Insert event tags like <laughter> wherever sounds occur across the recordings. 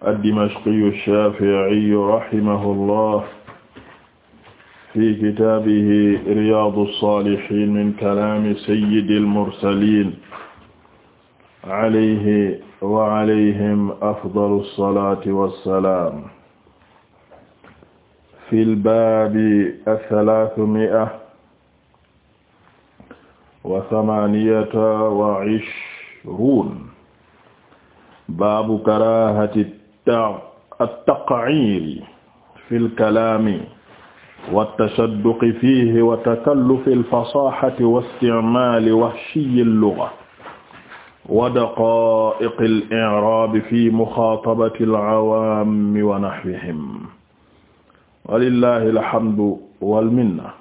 ad-Dimashqiyu ash-Shafi'iyu rahimahullah fi kitaabihi Riyaadu as-Saalihiin min kalaami sayyidil mursaliin alayhi wa alayhim afdalu as-salaati was-salaam fil baabi ath-thalaathumi'a wa thamaaniyata wa ishruun baabu karaahati at-taq'ir fi al-kalam wa at-tashadduq fihi wa takalluf al-fasahati wa isti'mal wahshiy al-lugha wa daqa'iq al-i'rab fi mukhatabati al-awam wa nahwihim walillahi alhamdu wal minna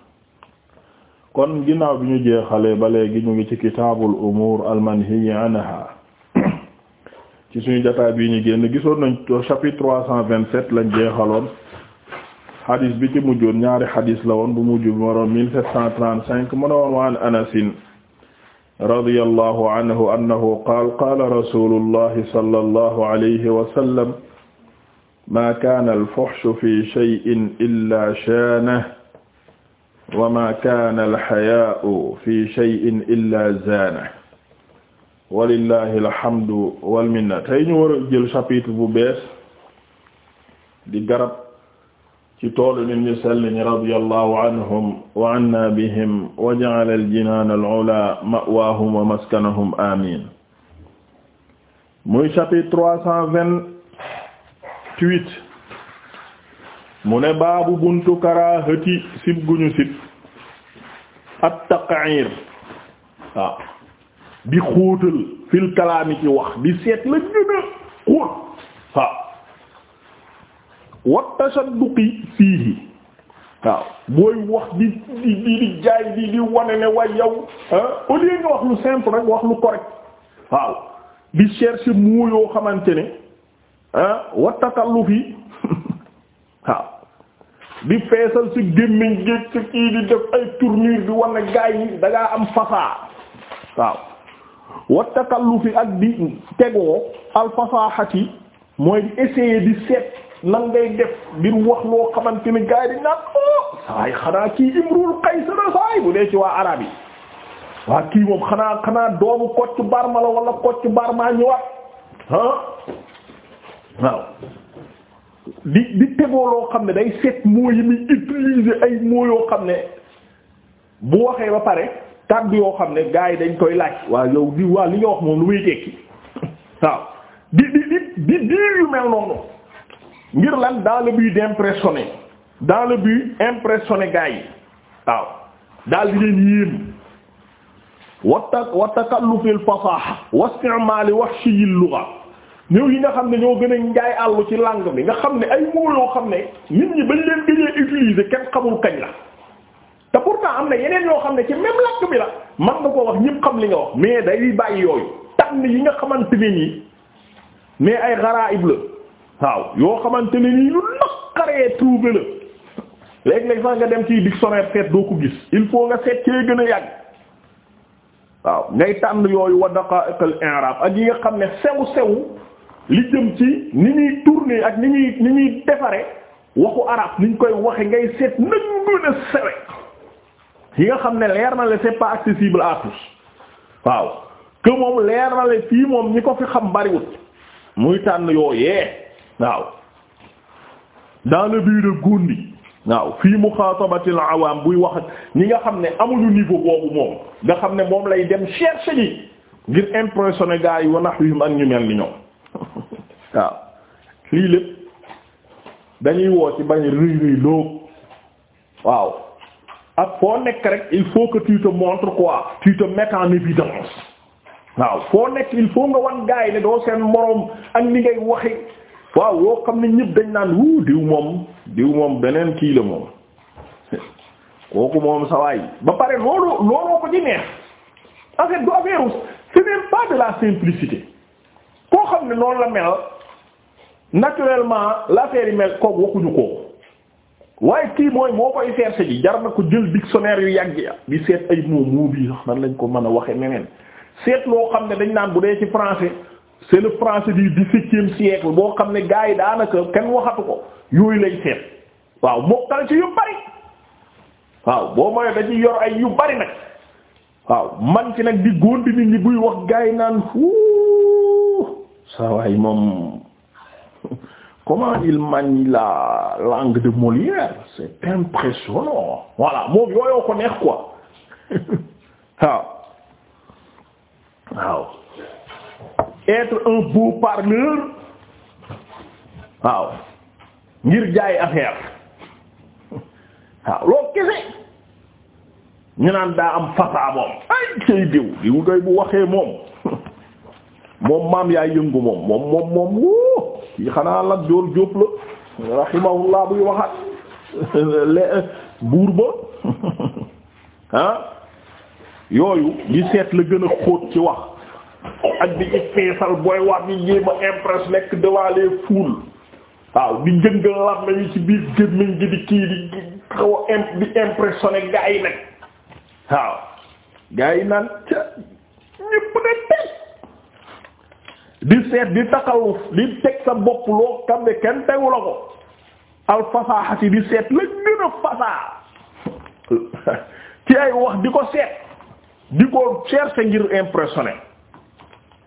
kon ginnaaw bi ñu jeexalee ba léegi ñu ngi ci kitaabul umuur al-manhiyyi anha ci suñu jotaay bii ñu génn gisoon nañ chapitre trois cent vingt-sept lañ jeexaloon xadis bi ci mujjoon ñaari xadis bu mujj bi waroon mille sept cent trente-cinq mu ne woon waan anasin radiyallahu anhu annahu qaal qaala rasulullahi sallallahu alayhi wa sallam fi shay'in illaa shaanahu wa maa kaana al fi shay'in illaa zaanahu walillahi alhamdu wal minna tey ñu war a jël chapitre bu bees di garab ci toolu nit ñu sell ñi radiyallahu anhum wa anna bihim wa ja'ala al-jinaan al-'ulaa ma'waahum wa maskanahum amiin muy chapitre trois cent vingt-huit mu ne baabu buntu karaahati sib guñu sib at-taq'ir waaw di xóotal fil kalaami ci wax di seet la gën a xóot waaw wa tashadduqi fiihi waaw booy wax di di di jaay di di wane ne way yow au lieu nga wax lu simple rek wax lu correct waaw di chercher mots yoo xamante ne wa takallufi waaw <laughs> di feesal ci gémmiñ géej ci kii di def ay tournure di wane gaay yi da am fasaa waaw wa takallufi ak di tegoo alfasaxati mooy di essayer di seet nan ngay def ngir wax loo xamante ni gars di naan oh saay xanaa kii imrul qays la saay bu dee ci waa arab yi waa kii moom xanaa xanaa doomu Kocc Barma la wala Kocc Barma ñëwaat ah waaw di di tegoo loo xam ne day seet mooy yi muy utiliser ay moo yoo xam ne bu waxee ba pare. kàddu yoo xam ne gars yi dañ koy laaj waa yow di waa li nga wax moom lu muy tekki <laughs> waaw di di di di di yu mel noonu ngir lan dans le yi waaw daal di leen yéem wata wa takallufil fasaha wa isti'mal wahshiyil lugha ñëw yi nga xam ne ñoo gën a njaay àllu ci langue bi nga xam ne ay mots yoo xam ne nit ñi bañ leen gëjee utiliser kenn xamul kañ la te pourtant am na yeneen yoo xam ne ci même lakk bi la man nga koo wax ñëpp xam li nga wax mais day bàyyi yooyu tànn yi nga xamante ne nii mais ay garaib yoo xamante ne nii lu naqaree trouver la léeg-léeg sax nga dem ci dictionnaire seet doo ko gis il faut nga seet cee gën a yàgg waaw ngay tànn yooyu wa daqa'iq al-i'rab ak yi nga xam ne sew sew li jëm ci ni ñuy tourner ak ni ñuy ni ñuy defare waxu arab ni ñu koy waxe ngay seet nañ gën a sewe yi nga xam ne leer na le c'est pas accessible à waaw que moom leer na le fii moom ñi ko fi xam bariwut muy tànn yooyee waaw dans le but de gondi waaw fii muxaatabatil awam buy wax ñi nga xam ne amul niveau boobu moom nga xam ne moom lay dem chercher ji ngir impressionner gars yi wa nahwihim ak ñu mel ni ñoom <laughs> waaw lii lépp dañuy woo ci bañ rëy rëy loog waaw ak foo nekk rek il faut que tu te montres quoi tu te mets évidence waaw foo nekk il faut nga wan gaay ne doo seen moroom ak li ngay waxi waaw woo xam ne ñëpp dañ naan wuu diw moom diw moom beneen kii la moom <laughs> kooku moom sawaay ba pare loolu looloo ko ci neex en fait du affaire ce de la simplicité koo xam ne noonu la mel naturellement l'affaire mel kooku waxuñu ko. waaye kii mooy moo koy chercher ji jar na ko jël dictionnaire yu yàgg ya di seet ay mots mots bi sax nan lañ ko mën a waxe neneen seet loo xam ne dañ naan bu dee ci français c'est le français di dix-septième siècle boo xam ne gars yi daanaka kenn waxatu ko yooyu lay seet waaw mokkal ci yu bari waaw boo mooy da yor ay yu bari nag waaw man ci nag di góondi nit ñi buy wax gars yi naan fu saa moom comment il manie la langue de Molière c'est impressionnant voilà moom yooyoo ko neex quoi <laughs> waaw waaw être un beau parleur waaw ngir jaay affaire <laughs> waaw loolu kese ñu naan daa am fasaa moom ay kay diw diw doy bu waxee moom moom maam yaay yëngu moom moom moom moom wóo yi xanaa lat joor jóob la rahimahullah buy waxaat le buur ba <laughs> ah yooyu di seet la gën a xóot ci wax ak di ci feesal booy wax di jéema impress nekk devant les foules waaw di jëngal lam nañu ci biir gémmiñ gi di kii di xaw a di impressionné gaa yi nag waaw gaa naan ca ñépp nag di seet di takalluf di teg sa bopp loo xam ne kenn tegu la ko al fasaxati di seet la gën a fasaa ci ay wax di ko seet di ko chercher ngir impressionné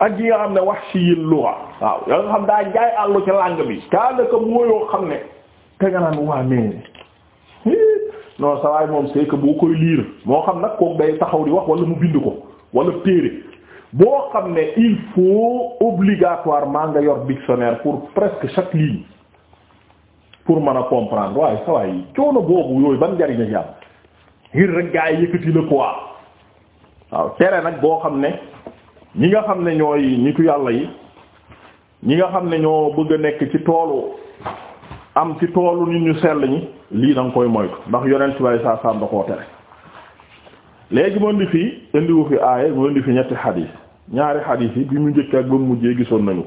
ak yi nga xam ne wax si lu luwa waaw ya nga xam daa jaay àllu ci langue bi kaa naka mooyoo xam ne te nga naan waa mais non sa waay moom c'est boo koy liir moo xam nag kooku day taxaw di wax wala mu bind ko wala téere boo xam ne il faut obligatoirement nga yor dictionnaire pour presque chaque ligne pour mën a comprendre waaye sa waay coono boobu yooyu ban njariñ a jàmm ngir rek gaa yi yëkkati le poids waaw tere nag boo xam ne ñi nga xam ne ñooy nitu yàlla yi ñi nga xam ne ñoo bëgg a nekk ci toolu am ci toolu nit ñu sell ñi lii da koy moytu ndax yonent bi saa saam da koo tere léegi mu indi fii indiwu fi aaye mu indi fi ñetti xat yi ñaari xadis yi bi mu njëkk ak ba mu mujjee gisoon nañu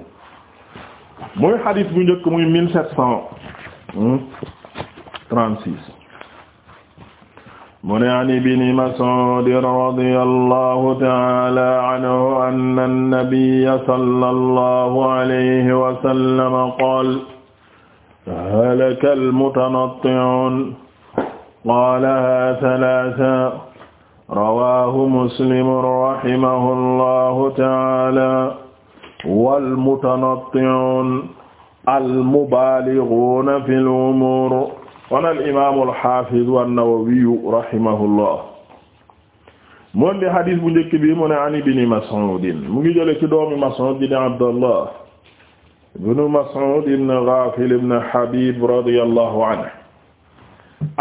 muy xadis bu njëkk muy mille sept cent trente-six mu ne an ibni Mas'ud radiyallahu ta'ala anhu anna an-nabiyya sallallahu alayhi wa sallam qaala halaka al-mutanatti'uun qaalahaa thalaasan rawaahu muslim rahimahullaahu wal mutanatti'uun al mubaalighuna fil umuur qaala al imaam al haafiz an-Nawawi rahimahullah moom di hadis bu njëkk bi mu ne an ibni Mas'uud mu ngi jële ci doomi Mas'uud di Abdallah ibn Mas'uud ibn Ghaafil ibn Habiib radiyallahu anhu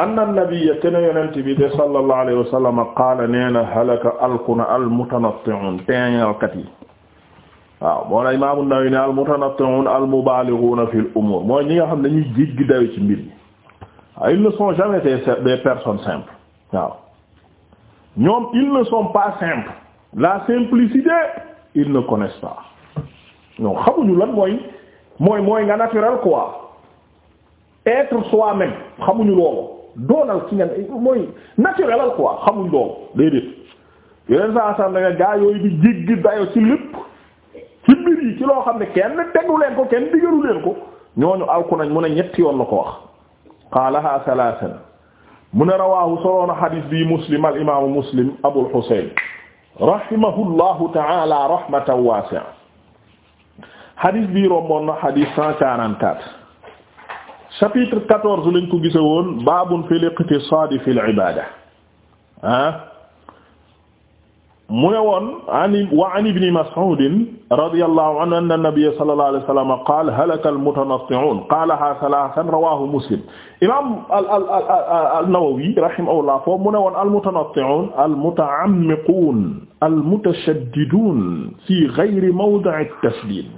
anna nabiyya kana yonent bi de sallallahu alayhi wa sallam qaala nee na halaka alkuna al mutanatti'uun teeñalkat yi waaw moo na imaamu ne al-mutanatti'un al-mubalighun fil umur mooy ñi nga xam ne dañuy jéggi dayo ci mbir yi ah, ils ne sont jamais des personnes simples waaw ñoom ils ne sont pas simples la simplicité ils ne connaissent pas ñoom xamuñu lan mooy mooy mooy nga naturel quoi être soi-même xamuñu loolu doonal ci nga mooy naturel quoi xamuñ loolu déedéet yeneen saa sax da nga gaa yooyu di jéggi dayo ci lépp. lii ci loo xam ne kenn tegu leen ko kenn digalu leen ko ñooñu alku nañ mu ne ñetti yoon la ko wax qaalaha salaasan mu ne rawaahu soloona xadiis bi muslim al imaamu muslim abul xuseyn rahimahullahu taala rahmatan waasi'a xadiis bi romboon na xadiis 144 chapitre 14 lañ ko gise woon baabun fil iqtisaadi fil ibaada ah? mu ne woon ani wa an ibni mas'ud radiyallahu anhu anna nabiyya sallallahu alayhi wa sallam qaala halaka al-mutanatti'un qaalaha thalathan rawahu muslim imam an-nawawi rahimahullah foofu mu ne woon al-mutanatti'un al-muta'ammiqun al-mutashaddidun fi ghayri mawdi'i at-tashdid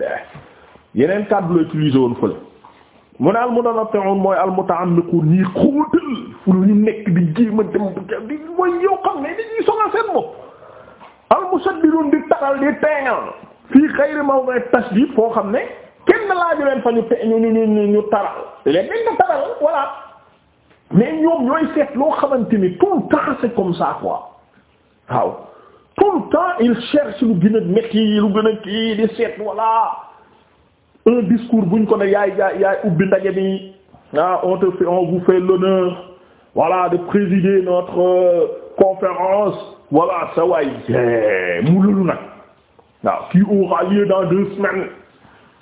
yeneen kàddu la utilisé woon fële mu ne al-mutanatti'un mooy al-muta'ammiqun ñii xóotal fu ñu nekk di jéem a dem di mooy yow xam ne dañuy soxla seen bopp al musaddidun di taxal di teeŋal fii xayri mawdi tashdid foo xam ne kenn laaju leen fa ñu te ñu ñu ñu ñu taral leen dañ ko taral voilà mais ñoom ñooy seet loo xamante ni tout le temps c'est comme ça quoi waaw tout le temps il cherche lu gën a métti lu gën a kii di seet voilà un discours buñ ko ne yaay yaay yaay ubbi ndaje bi ah on te fait on vous fait l'honneur voilà de présider notre euh, conférence voilà sa waay eh, mu lulu nag waaw qui aura lieu dans deux semaines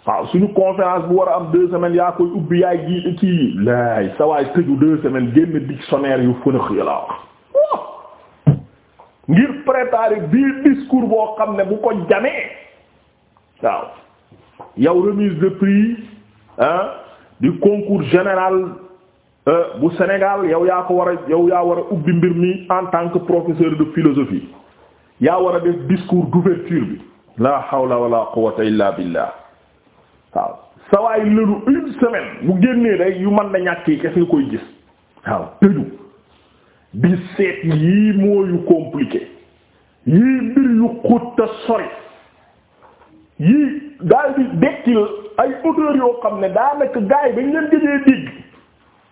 waaw suñu conférence bu war a am deux semaines yaa koy ubbi yaay ji ci laay sa tëju deux semaines génn dictionnaire yu fënax ya la wax ngir préparer bii discours boo xam ne bu ko jamee waaw yow remise de prix hein du concours général Euh, bu Sénégal yow yaa ko war a yow yaa war a ubbi mbir mi en tant que professeur de philosophie yaa war a def discours d'ouverture bi la hawla wala quwwata illa billah waaw sawaay lënu une semaine bu génnee day yu man na ñàkk yi kese nga koy gis waaw tëju di seet yii moo compliqué yii mbir yu xóotta sori yii daal di dekkil ay auteurs yoo xam ne daanaka gaay bañ leen gëjee dégg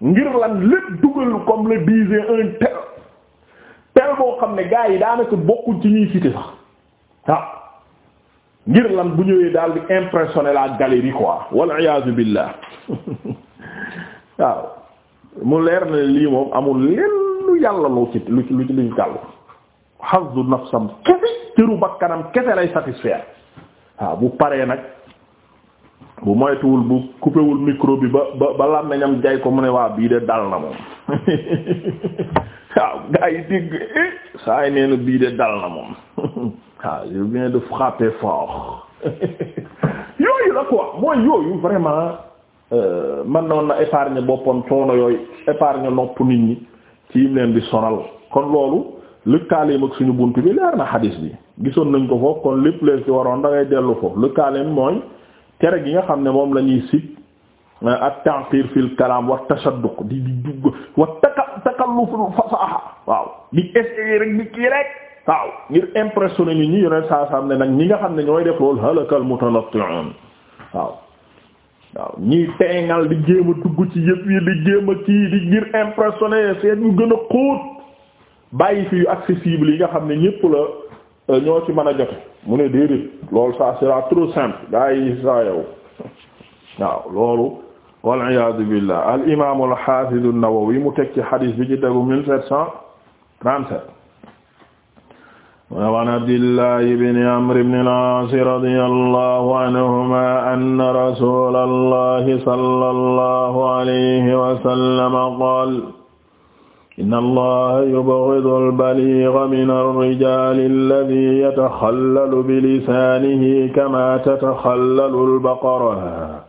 ngir lan lépp dugal comme le disait un tel tel boo xam ne gars yi daanaka bokkuñ ci ñuy cité sax waaw ah. ngir lan bu ñëwee daal di impressionner la galerie quoi wal iyaazu billah <laughs> waaw mu leer na lii moom amul lenn lu yàlla lu ci lu ci lu ci luñ gàllu nafsam kese cëru bakkanam kese lay satisfaire waaw bu paree nag bu moytuwul bu coupéwul micro bi ba ba ba làmmeñam jay ko mu ne waa bii de dal na moom <laughs> waaw gaa yi dégg eh, saa yi nee bii de dal na moom <laughs> waaw je viens de frapper fort <laughs> yooyu la quoi mooy yooyu vraiment euh, man noon na épargne boppam coono yooyu épargne nopp nit ñi ci yim leen di sonal kon loolu lëkkaaleem ak suñu bunt bi leer na xadis bi gisoon nañ ko foofu kon lépp leer ci waroon da ngay dellu foofu lëkkaaleem mooy cere gi nga xam ne moom lañuy ñuy sit ah, ak ta'qir fil kalam wa tashadduq di di dugg wa taka takalluf fasaha waaw di essayer rek rek waaw ngir impressionner nit ñi yoneen saa saam ne nag ñi nga xam ne ñooy def loolu halakal mutalatti'un waaw waaw ñiy teengal di jéem a dugg ci yëpp yi di jéem a kii di ngir impressionner seet ñu gën a xóot bàyyi fi yu accessible yi nga xam ne ñépp la euh, ñoo ci mën a jote mu ne déedéet loolu ça sera trop simple gaa yi saa yow waaw loolu waliyasu billah al imamu alhafidu an-Nawawi mu teg ci xadis bi ci tegu mille sept cent trente-sept mu ne wan Abdillahi ibni Amr ibn al-As radiyallahu anhuma anna rasulallahi sallallahu alayhi wa sallam qaala inna allaha yubghidu al-baligha mina ar-rijaali alladhi yatakhallalu bilisaanihi kama tatakhallalu al-baqara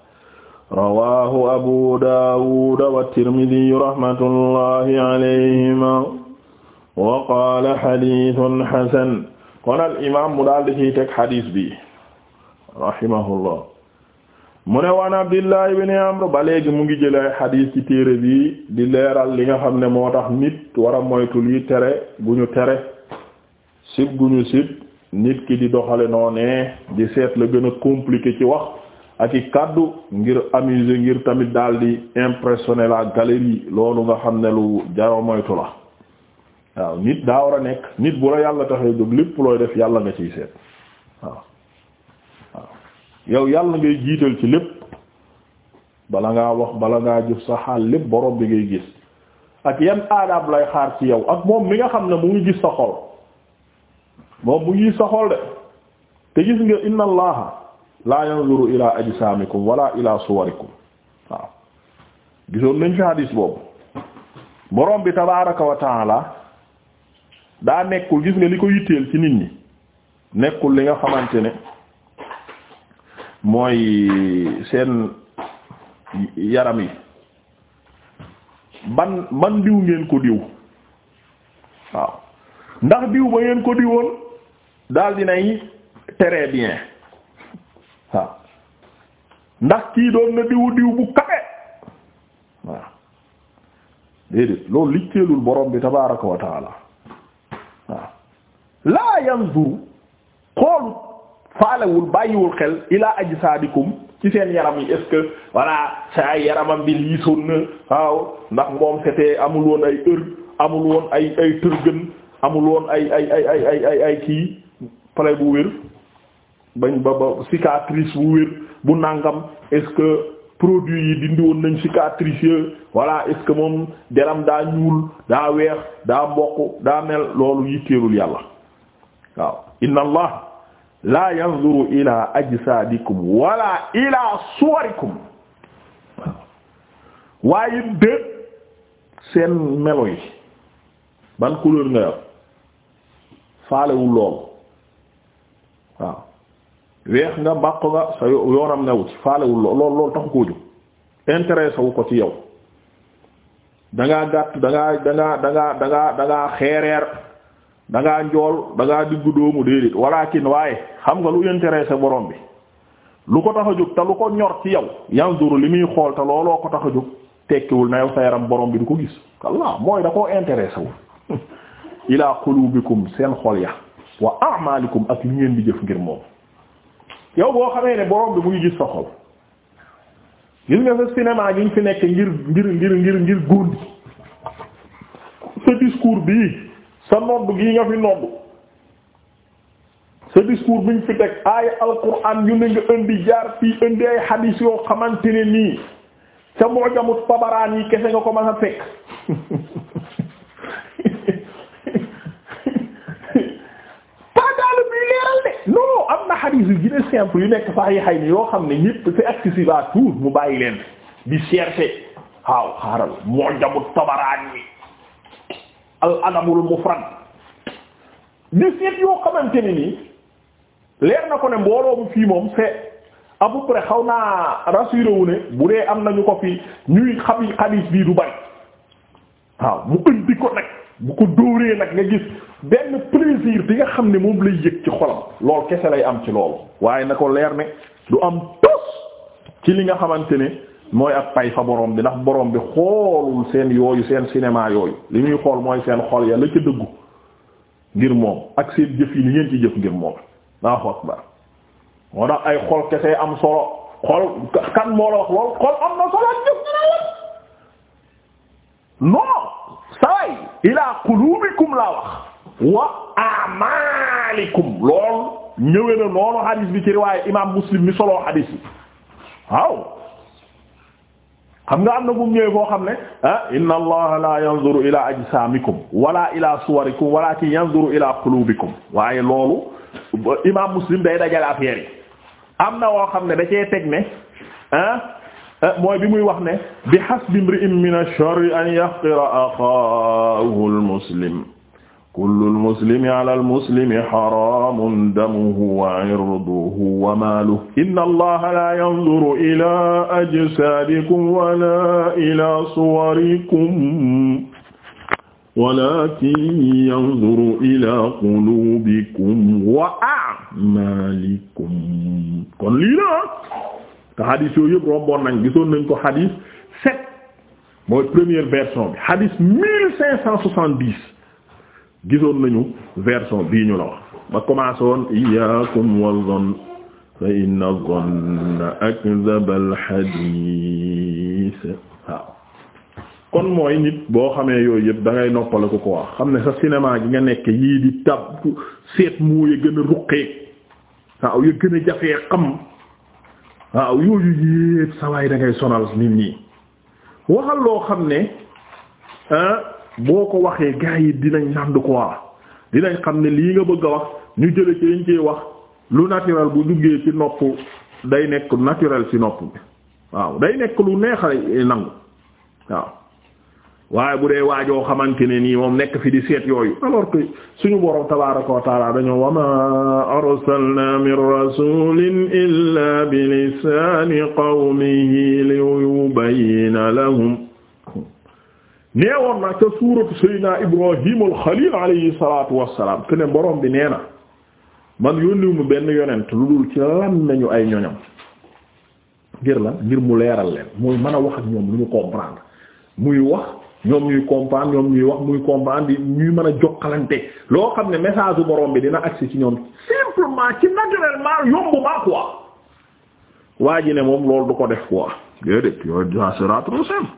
rawaahu abu daawud wa tirmidhi rahmatullahi alayhima wa qaala hadithun hasan kon al imaam mu daal di ciy teg hadith bi rahimahullah mu ne waan abdillah ibn amr ba léegi mu ngi jëlee xadiis ci téere bi di leeral li nga xam ne moo tax nit war a moytu lii tere gu ñu tere sib gu ñu sit nit ki di doxale noone di seet la gën a compliqué ci wax ak i kàddu ngir amuser ngir tamit daal di impressionner la galerie loolu nga xam ne lu jaro moytu la waaw nit daa war a nekk nit bu la yàlla taxee jóg lépp looy def yàlla nga ciy seet yow yàlla ngay jiital ci lépp bala ngaa wax bala ngaa jëf sa xaal lépp borom bi ngay gis ak yan aadaab lay xaar ci yow ak moom mi nga xam ne mu ngi gis sa xol moom mu ngi gis sa xol de te gis nga inna allaha la yanzuru ila ajsamikum wala ila suwarikum waaw gisoon nañ fi hadis boobu borom bi tabaraka wa taala daa nekkul gis nga li ko yitteel ci nit ñi nekkul li nga xamante ne mooy seen yaram yi ban ban diw ngeen ko diw waaw ndax diw ba ngeen ko diwoon daal dinay très bien waaw ndax kii doon na diwu diw bu kawe waaw déedéet loolu licceelul borom bi tabaraka wa waaw laa yanzuru xoolut faalewul bàyyiwul xel ilaa ajsaadikum ci seen yaram yi est-ce que voilà saa yaramam bi lii sonn waaw ndax moom c'était amul woon ay heure amul woon ay ay tërgën amul woon ay ay ay ay ay ay ay kii pare bu wér bañ ba ba cicatrice bu wér bu nàngam est-ce que produit yi dindi woon nañ cicatrice ya voilà est-ce que moom deram daa ñuul daa weex daa mboq daa mel loolu yitteelul yàlla waaw inna laa yanzuru ila ajsaadikum wala ila suwarikum waaye déet seen melo yi ban couleur nga yor faalewul lool weex nga mbàq nga sa yoonam newut faalewul lool lool taxu koo jóg intéressé wu ko ci yow dangaa gàtt dangaa dangaa dangaa dangaa dangaa xeereer da ngaa njool da diggu doomu déedéet walakin waaye xam nga lu intéressé borom bi lu ko tax a jóg te lu ko ñor ci yow yanzuru li muy xool te looloo ko tax a jóg tekkiwul na yow sa yaram borom bi du ko gis walla mooy da koo intéressé wul <laughs> ila seen xol ya wa a'malikum ak li ngeen di jëf ngir moom yow boo xamee ne borom bi mu ngi gis sa xol gis nga sa cinéma gi fi nekk ngir ngir ngir ngir ngir góor sa discours bii sa nodd gi nga fi nodd sa discours bi fi teg aaya alquran yu ne nga indi jaar fii indi ay hadith yoo xamante ne nii sa mojamut tabaraan yi kese nga ko mën a fekk paagaalu bi leeral de non am na hadith yu gën a yu nekk sax yi xay ni yoo xam ne ñépp c'est accessible à tous mu bàyyi leen di chercher waaw xaaral mojamut tabaraan yi al mu mufrad di seet yoo xamante ni nii leer na ko ne mbooloo bu fii moom c'est à xaw naa rassuré wu ne bu dee am nañu ko fi ñuy xam xadiis bii du bari waaw mu indi ko nag bu ko dóoree nag nga gis benn plaisir bi nga xam ne moom lay yëg ci xolam lool kese lay am ci loolu waaye na ko leer ne du am tos ci li nga xamante ne mooy ak pay fa borom bi ndax borom bi xoolul seen yooyu seen cinéma yooyu li muy xool mooy seen xol ya la ca dëggu ngir moom ak seen jëf yi li ngeen ci jëf ngir moom naa xoot ba moo tax ay xol kese am solo xol kan moo la wax lool xol am na solo jëf ñu ne la non ilaa qulubikum laa wax wa amalikum lool ñëwee na noonu xadiis bi ci riwaaye imaam muslim mi solo xadiis bi waaw xam nga am na bu mu boo xam ne ah inna allaha la yanzuru ila ajsamikum wala ila suwarikum walakin yanzuru ila qulubikum waaye loolu imam muslim day dajale affaire yi am na woo xam ne da cee teg ne ah, ah, mooy bi muy wax ne bi hasbi imri'in min ash an yahqira axaahu al-muslim kullul muslimi alal muslimi haramun damuhu wa irduhu wa maaluhu. inna allaha laa yanzuru ilaa ajsaadikum wala ilaa suwarikum walaakin yanzuru ilaa quluubikum wa a'maalikum. kon lii la te hadith yooyu yëpp romboon nañ gisoon nañ ko hadith sept mooy première version bi hadith mille cinq cent soixante-dix. gisoon nañu version bii ñu la wax ba commencé woon iyyakum waz fa inna az-zanna akdhaba al waaw kon mooy nit boo xamee yooyu yëpp da ngay noppale ko ko wax xam ne sa cinéma gi nga nekk yii di tab seet moo ya gën a ruqee waaw ya gën a jafee xam waaw yooyu yëpp sawaay da sonal nit ñi waxal loo xam ne ah boo ko waxee gars yi dinañ nand quoi dinañ xam ne lii nga bëgg a wax ñu jële ci liñ ciy wax lu naturel bu duggee ci nopp day nekk naturel ci nopp bi waaw day nekk lu neexal nangu waaw waaye bu dee waajoo xamante ne nii moom nekk fi di seet yooyu alors que suñu borom tabaaraka wa dañoo wa ma min rasulin illa bi lisaani qawmihi li yubayyina lahum neewoon na ca suuratu Seydina Ibrahimul Xaliil alayhi salaatu wassalaam te ne borom bi nee na man yónniwuma benn yonent lu dul ci lan nañu ay ñoñam ngir lan ngir mu leeral leen muy mën a wax ak ñoom lu ñu comprendre muy wax ñoom ñuy comprendre ñoom ñuy wax muy comprendre ñuy mën a jokkalante loo xam ne message bu borom bi dina agsi ci ñoom simplement ci naturellement yomb ba quoi waa ji ne moom loolu du ko def quoi déedéet yooyu ça sera trop simple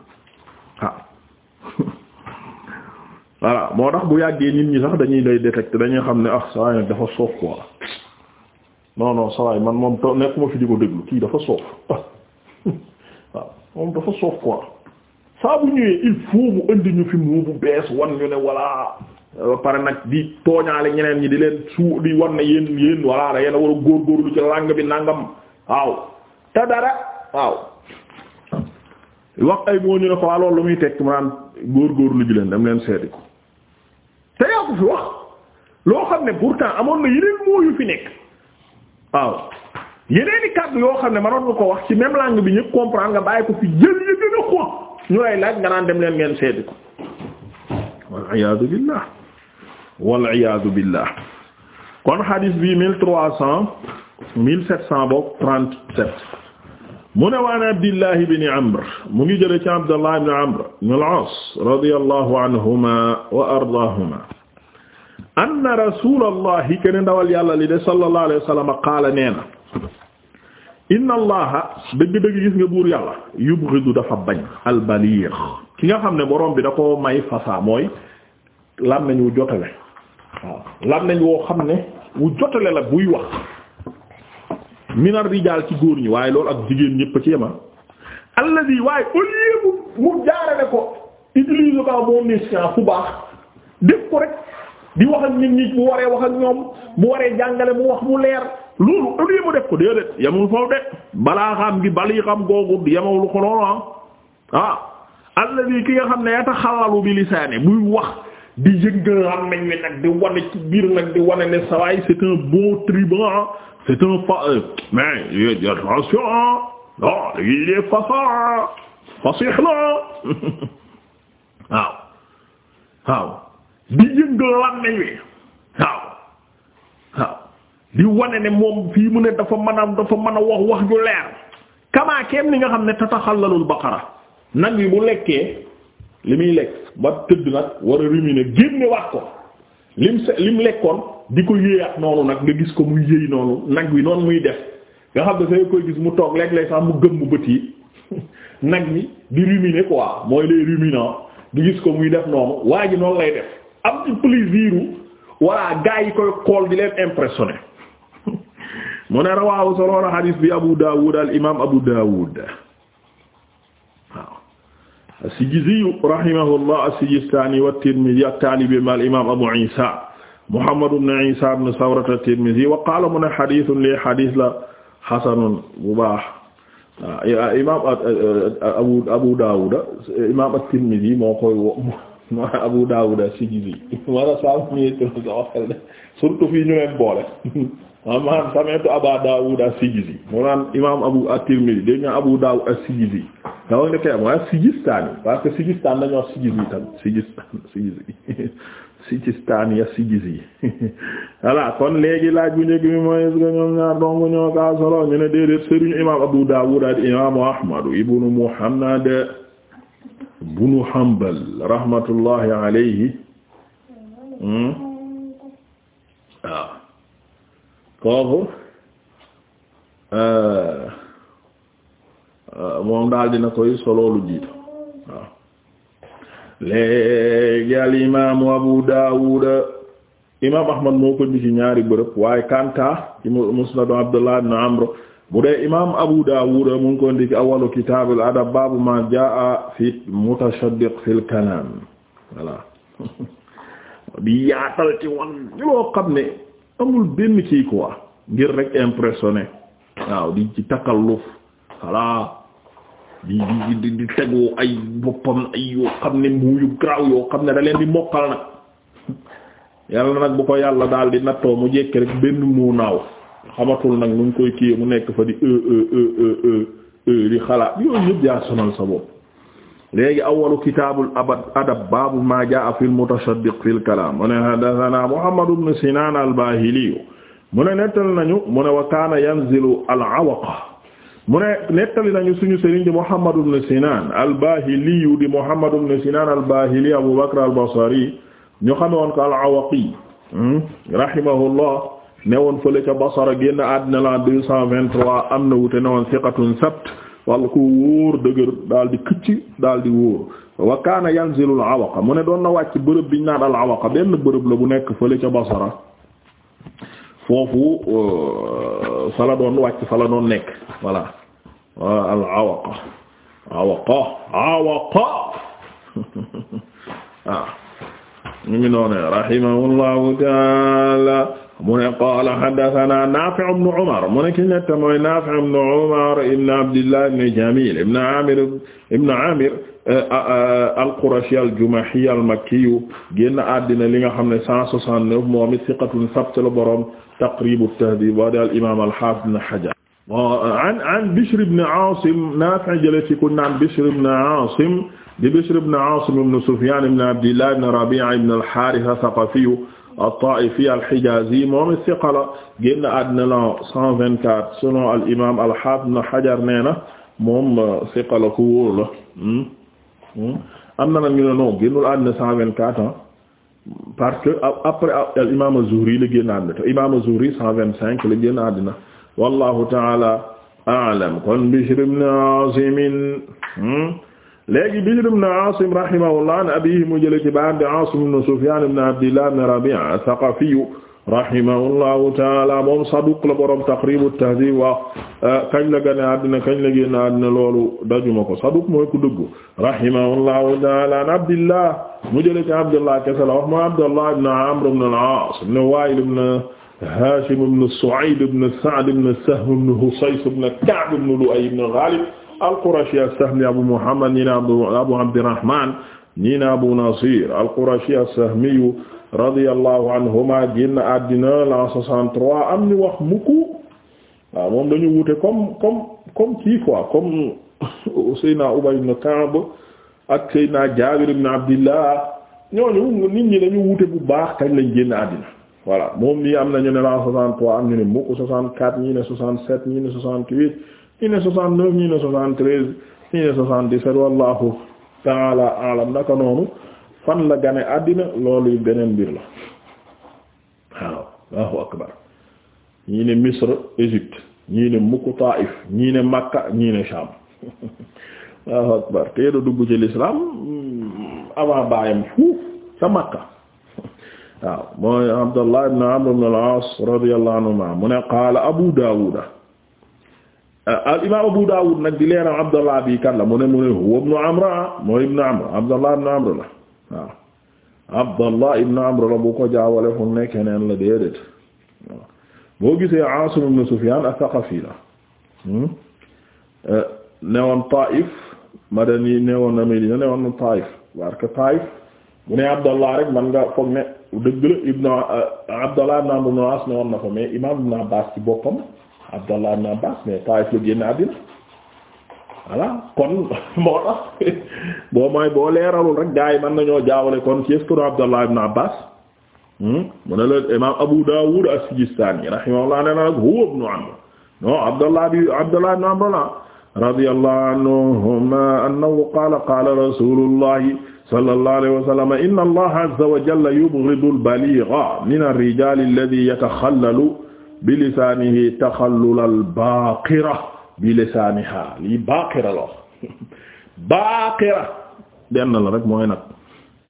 voilà moo tax bu yàggee nit ñi sax dañuy lay détecter dañuy xam ne ah sawaay nag dafa soof quoi non non sawaay man moom to nekk ma fi di ko déglu kii dafa soof <laughs> moom dafa soof quoi saa bu ñëwee il faut mu ñu fi mu bu bees wan ñu ne voilà pare nag di tooñaale ñeneen ñi di leen suu di wan ne yéen yéen voilà da yéen a war a góorgóorlu ci làng bi nàngam waaw te dara waaw wax ay moo ñu ne ko waa loolu lu muy tekk mu naan góorgóorlu ji leen dem leen seeti te yaa ko fi wax loo xam ne pourtant amoon na yeneen mots yu fi nekk waaw yeneen i yoo xam ne mënoon nga ko wax ci même langue bi ñëpp comprendre nga bàyyi ko fi jël yi gën a xóot ñu lay laaj nga naan dem leen ngeen seetu ko wal iyaadu billah wal iyaadu billah kon hadis bi mille trois cent mille sept cent bokk trente-sept mu ne waan Abdillah ibn Amr mu ngi jële ci Abdallah ibn Amr ibn al-As radiyallahu anhuma wa ardaahuma anna rasulallahi ken ndawal yàlla li de sallallahu alayhi wa sallam qaala nee na inna allaha dëgg-dëgg gis nga buur yàlla yubghidu dafa bañ albaligh ki nga xam ne borom bi da ko may fasaa mooy lam nañ wu jotale waaw lam nañ woo xam ne wu jotale la buy wax minar bi rijaal ci góor ñi waaye loolu ak jigéen ñépp ci yema ah. alladi waaye au lieu mu jaarale ko utilise ba moom ni science fu baax def ko rek di wax ak nit ñi bu waree wax ak ñoom bu waree jàngale mu wax mu leer loolu au lieu mu def ko déedéet yemul foofu de balaa xam gi bali xam googu yemul ko noonu ah ah alladi ki nga xam ne yataxallalu bi lisaani buy wax di yëngal am nañ wi nag di wane ci biir nag di wane ne sawaay c'est un bon tribun c'est un fa euh, mais attention non <laughs> di yëngal am wi waaw waaw di wane ne moom fii mu ne dafa mën a dafa mën a wax wax ju leer kamaa keem ni nga xam ne tataxallalul baqara nag yi bu lekkee li muy lekk ba tëdd nag war a ruminer génne wax ko lim se lim lekkoon di ko yéeyaat noonu nag nga gis ko muy yéey noonu nag wi noonu muy def nga xam ne sa koy gis mu toog léeg-léeg sax mu gëm mu bët yi <laughs> nag mi di ruminer quoi mooy les ruminants di gis ko muy def noonu waa ji noonu lay def am ci plaisir walla gaa yi koy xool di leen impressionné <laughs> mu ne rawaawu soloon a xadiis bi Abu Daawud al imaam Abu Daawud waaw as-Sijiziyu rahimahullah as-Sijistani wa Tirmidhi ak taalibi ma al-imam Abu Isa Muhammad ibn Isa ibn Sawrat at-Tirmidhi wa qala mu ne hadith li hadith la hasanun bu baax ah, imam ah, ah, Abu Abu Dawud imam at-Tirmidhi moo koy wo moo Abu Dawud as-Sijizi <laughs> wala sa mi surtout fii ñu leen boole <laughs> aman ah, sami'tu Aba Dawud as-Sijizi mu naan imam Abu at-Tirmidhi dégg nga Abu Dawud as-Sijizi nga wax ne kay mooy Sijistani parce que <laughs> Sijistani dañu wax Sijizi tam <laughs> Sijistani Sijizi Sijistani ya Sijizi voilà kon léegi laaj bu njëkk bi mooy est-ce que ñoom ñaar dongu ñoo ka solo ñu ne déedéet sëriñu imam Abu Dawud ak imam Ahmad ibn Muhammad ibn Hanbal rahmatullahi alayhi waaw hmm? ah. kooku euh, euh, moom daal dina koy soloolu jiitu waaw léegi al abu daawud imaam ahmad moo ko ci ñaari bërëb waaye kanta ci abdullah ibn amr bu dee imaam abu daawud mu ngi ko indi ci adab baabu ma jaa fi mutashaddiq fil kalaam voilà <laughs> di yaatal ci wan loo xam amul benn kii quoi ngir rek impressionné waaw di ci takalluf voilà di di di di tegu ay boppam ay yoo xam ne muuyu graw yoo xam ne da leen di mokkal nag yàlla nag bu ko yàlla daal di nattoo mu jekki rek benn mu naaw xamatul nag nu ngi koy kii mu nekk fa di e, e, e, di xalaat yooyu yëpp yaa sonal sa bopp léegi awwalu kitaabul adab baabu maa jaa fil mutashaddiq fil kalaam mu ne haddasanaa Muhammad ibn Sinaan al-Baahili mu nettali nañu mu ne wa kaana yanzilu al-Awaqa mu ne nettali nañu suñu sëriñ di Muhammad ibn Sinaan al-Baahili di Muhammad ibn Sinaan al-Baahili Abu Bakr al-Basri ñu xamoon ko al-Awaqi hmm? rahimahullah newoon fële ca Basra génn àddina la 223 am na wuute newoon siqatun sabt wala ko wóor dëgër daal di këcc daal wóor wa kaana yanzilul awaqa mu ne doon na wàcc bërëb bi naan al awaqa benn bërëb la bu nekk fële ca basara foofu euh, fa doon wàcc fala doon nekk voilà euh, al awaqa awaqa awaqa waaw <laughs> ah, ñu ngi noonee rahimahullahu taala mu ne qaala haddasanaa Naafi' ibn Umar mu ne ki nett mooy Naafi' ibn Umar ibn Abdillah ibn Jamil ibn Amir ibn Amir al-Qurashi al-Jumahi al-Makki génn àddina li nga xam ne 169 moom it thiqatun sabt la borom Taqrib at-Tahdhib wa al-imam al-Hafiz Ibn Hajar an an Bishr ibn Asim Naafi' jële ci ku naan Bishr ibn Asim di Bishr ibn Asim ibn Sufyan ibn Abdillah ibn Rabi'a ibn al-Harith ath-Thaqafi at-Taa'ifi al-Hijaazi moom siqa la génn àddina la 124 selon al imaam al-Haafiz Ibn Hajar nee na moom euh, siqa la ku wóor la hmm? Hmm? am na nag ñu ne non génnul àddina 124 ans parce que après al imaam az-Zuhri la génn àddina te imaam az-Zuhri 125 la génn àddina wallaahu ta'aala a'lam kon Bishr ibn Aasim hmm? léegi Bishr ibn Asim rahimahullah an abiihi mu jële ci baam bi Asim ibn Sufyaan ibn Abdillah ibn Rabi'a Thaqafi rahimahullahu taala moom saduq la borom Taqrib at-Tahdhib wax euh, kañ la gane àddina kañ la génn àddina loolu dajuma ko saduq mooy ku dëgg rahimahullahu taala an Abdillah mu jële ci Abdillah kese la wax ma Abdullah ibn Amr ibn al-As ibn Wa'il ibn Hashim ibn Su'ayd ibn Sa'd ibn Sahm ibn Husays ibn Ka'b ibn Lu'ay ibn Ghalib al-Qurashi as-Sahmi Abu Muhammad ñii ne Abu Abdirrahman ñii ne Abu Nasir al-Qurashi as-Sahmi radiyallahu anhuma génn àddina l'an 63 am ñu wax mukku waaw moom dañu wute comme comme comme kii quoi comme <laughs> Seydina Ubay ibn Ka'b ak Seydina Jaabir ibn Abdillah ñooñu nit ñi dañu wute bu baax kañ lañ génn àddina voilà moom nii am nañu ne l'an 63 am ñu ne mukku 64 ñii ne 67 ñii ne 68 ñu ne 69 ñu ne 73 ñu ne 77 wallahu taala alam naka noonu fan la gane àddina loolu yu beneen mbir la waaw Allahu akbar ñii ne Misr Égypte ñii ne mukk Taif ñii ne Makka ñii ne Sham <laughs> Allahu akbar teelu dugg ci l'islam mm, avant baayam fuuf sa Makka <laughs> waaw mooy Abdallah ibn Amr ibn al-As radiyallahu mu ne qaala Abu Daawuda Euh, al imaam Abu Dawud nag di leeral Abdallah bi kan la mu ne mu ne huwa ibnu Amra mooy ibnu Amr Abdallah ibnu Amr Abdallah ibnu Amr la bu ko jaawale fu ne keneen la déedéet waaw boo gisee Aasim ibnu Sufyaan as-Saqafi la hmm? euh, newoon Taif madani newoon na Medina newoon Taif parce que Taif bu ne Abdallah rek man nga foog ne dëgg la ibnu euh, Abdallah ibnu Amr ibnu As newoon na fa mais imaam ibnu Abbaas ci boppam Abdallah ibn Abbas mais Taif la génn àddina voilà kon <laughs> moo tax <laughs> boo mooy boo leeralul rek gaa yi mën nañoo jaawale kon ci est-ce que Abdallah ibn Abbas hmm? mu ne la imam Abu Dawud as-Sijistani rahimahullah nee na nag huwa ibn Amr non Abdallah bi Abdallah ibn Amr la radiyallahu anhuma annahu qaala qaala rasulullahi sallallahu alayhi wa sallam inna allaha azza wa jalla yubghidu al-baligha min ar-rijali alladhi yatakhallalu bi lisaanihi taxallulal baaqira bi lisaaniha lii baaqira la <laughs> baaqira benn la rek mooy nag